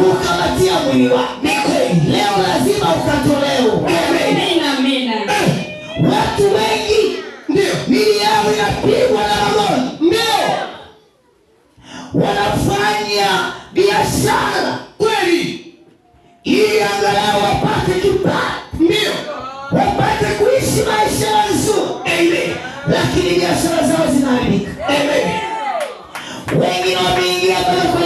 ukamatia mwili wako. Leo lazima ukatolewe. Eh, watu wengi mili yao inapigwa na mamoni, ndio wanafanya biashara kweli, ili angalau wapate kipato, ndio wapate kuishi maisha mazuri, lakini biashara zao zinaharibika. Wengine wameingia kwenye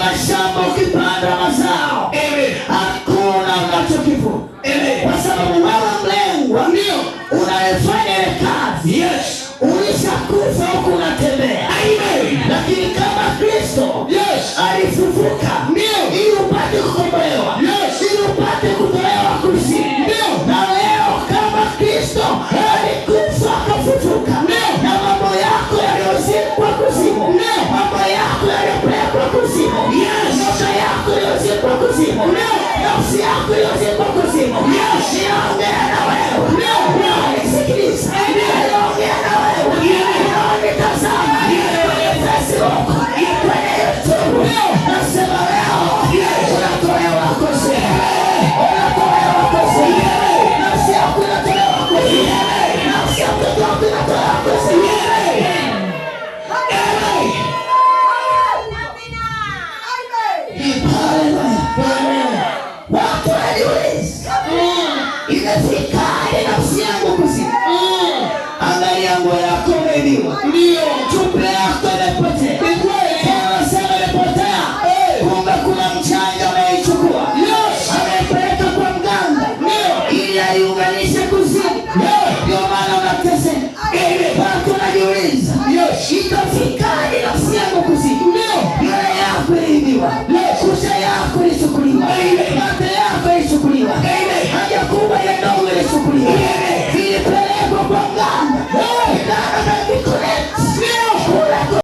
vai se amaldiçoar. tranquillo, sempre così, mi Sikiliza, itafika nafsi yako kusikia leo yako iibiwa